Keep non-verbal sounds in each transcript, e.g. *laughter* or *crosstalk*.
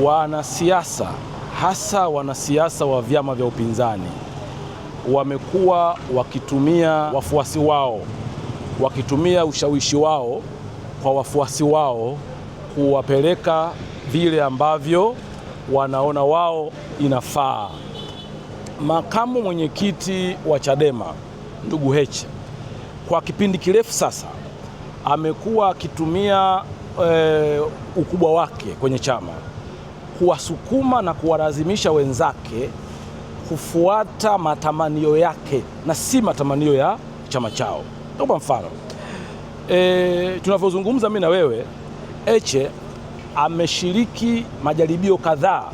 wanasiasa hasa wanasiasa wa vyama vya upinzani wamekuwa wakitumia wafuasi wao, wakitumia ushawishi wao kwa wafuasi wao kuwapeleka vile ambavyo wanaona wao inafaa. Makamu mwenyekiti wa Chadema ndugu Heche kwa kipindi kirefu sasa amekuwa akitumia e, ukubwa wake kwenye chama kuwasukuma na kuwalazimisha wenzake kufuata matamanio yake na si matamanio ya chama chao. Kwa mfano e, tunavyozungumza mimi na wewe, Heche ameshiriki majaribio kadhaa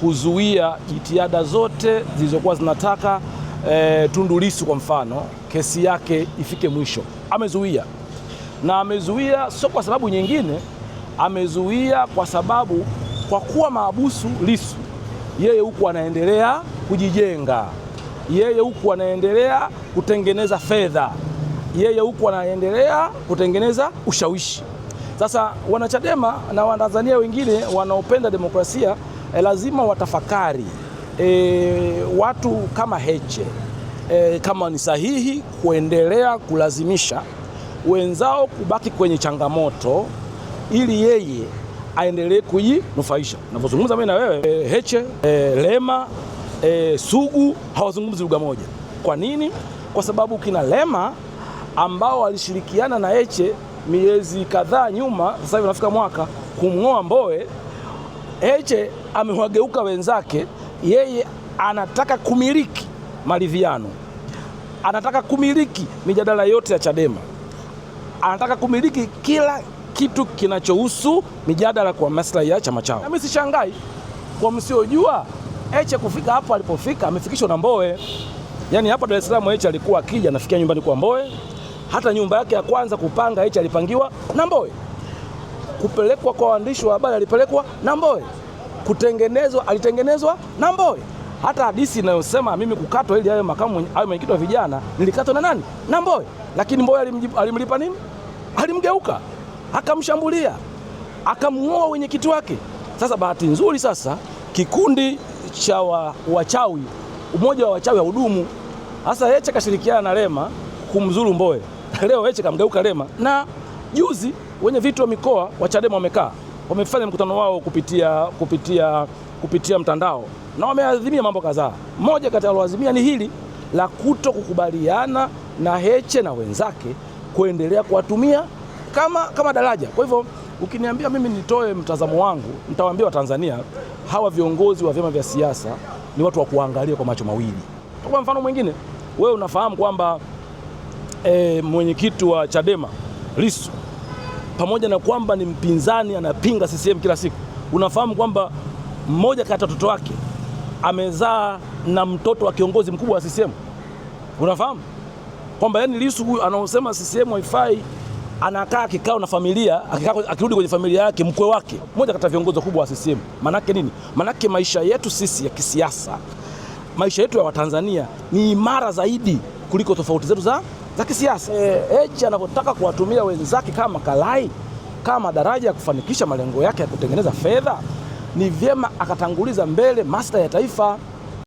kuzuia jitihada zote zilizokuwa zinataka e, Tundu Lissu kwa mfano kesi yake ifike mwisho. Amezuia na amezuia sio kwa sababu nyingine, amezuia kwa sababu kwa kuwa maabusu Lissu yeye huku anaendelea kujijenga, yeye huku anaendelea kutengeneza fedha, yeye huku anaendelea kutengeneza ushawishi. Sasa wanachadema na Watanzania wengine wanaopenda demokrasia eh, lazima watafakari eh, watu kama Heche eh, kama ni sahihi kuendelea kulazimisha wenzao kubaki kwenye changamoto ili yeye aendelee kujinufaisha. Navyozungumza mimi na wewe e, Heche e, Lema e, Sugu hawazungumzi lugha moja. Kwa nini? Kwa sababu kina Lema ambao walishirikiana na Heche miezi kadhaa nyuma, sasa hivi nafika mwaka kumng'oa Mbowe, Heche amewageuka wenzake. Yeye anataka kumiliki maridhiano, anataka kumiliki mijadala yote ya Chadema, anataka kumiliki kila kitu kinachohusu mijadala kwa maslahi ya chama chao. Nami sishangai kwa msiojua, Heche kufika hapo alipofika amefikishwa na mboe Yaani hapa Dar es Salaam Heche alikuwa akija anafikia nyumbani kwa mboe Hata nyumba yake ya kwanza kupanga Heche alipangiwa na mboe kupelekwa kwa waandishi wa habari alipelekwa na mboe kutengenezwa alitengenezwa na mboe Hata hadisi inayosema mimi kukatwa ili awe makamu awe mwenyekiti wa vijana nilikatwa na nani? Na mboe Lakini mboe alimlipa nini? Alimgeuka akamshambulia akamng'oa wenyekiti wake. Sasa bahati nzuri, sasa kikundi cha wachawi, umoja wa wachawi haudumu, sasa Heche kashirikiana na Lema kumzuru Mbowe. *laughs* Leo Heche kamgeuka Lema, na juzi wenye vitu wa mikoa wa Chadema wamekaa wamefanya mkutano wao kupitia, kupitia, kupitia mtandao na wameazimia mambo kadhaa. Moja kati ya walioazimia ni hili la kuto kukubaliana na Heche na wenzake kuendelea kuwatumia kama, kama daraja. Kwa hivyo ukiniambia mimi nitoe mtazamo wangu, nitawaambia Watanzania hawa viongozi wa vyama vya siasa ni watu wa kuangalia kwa macho mawili. Kwa mfano mwingine, wewe unafahamu kwamba e, mwenyekiti wa Chadema Lissu pamoja na kwamba ni mpinzani anapinga CCM kila siku, unafahamu kwamba mmoja kati ya watoto wake amezaa na mtoto wa kiongozi mkubwa wa CCM. Unafahamu kwamba yani Lissu huyu anaosema CCM haifai anakaa kikao na familia, akirudi kwenye familia yake, mkwe wake mmoja kati ya viongozi kubwa wa CCM. Manake nini? Manake maisha yetu sisi ya kisiasa, maisha yetu ya Watanzania ni imara zaidi kuliko tofauti zetu za, za kisiasa. Heche eh, eh. anavyotaka kuwatumia wenzake kama kalai, kama daraja ya kufanikisha malengo yake ya kutengeneza fedha, ni vyema akatanguliza mbele maslahi ya taifa.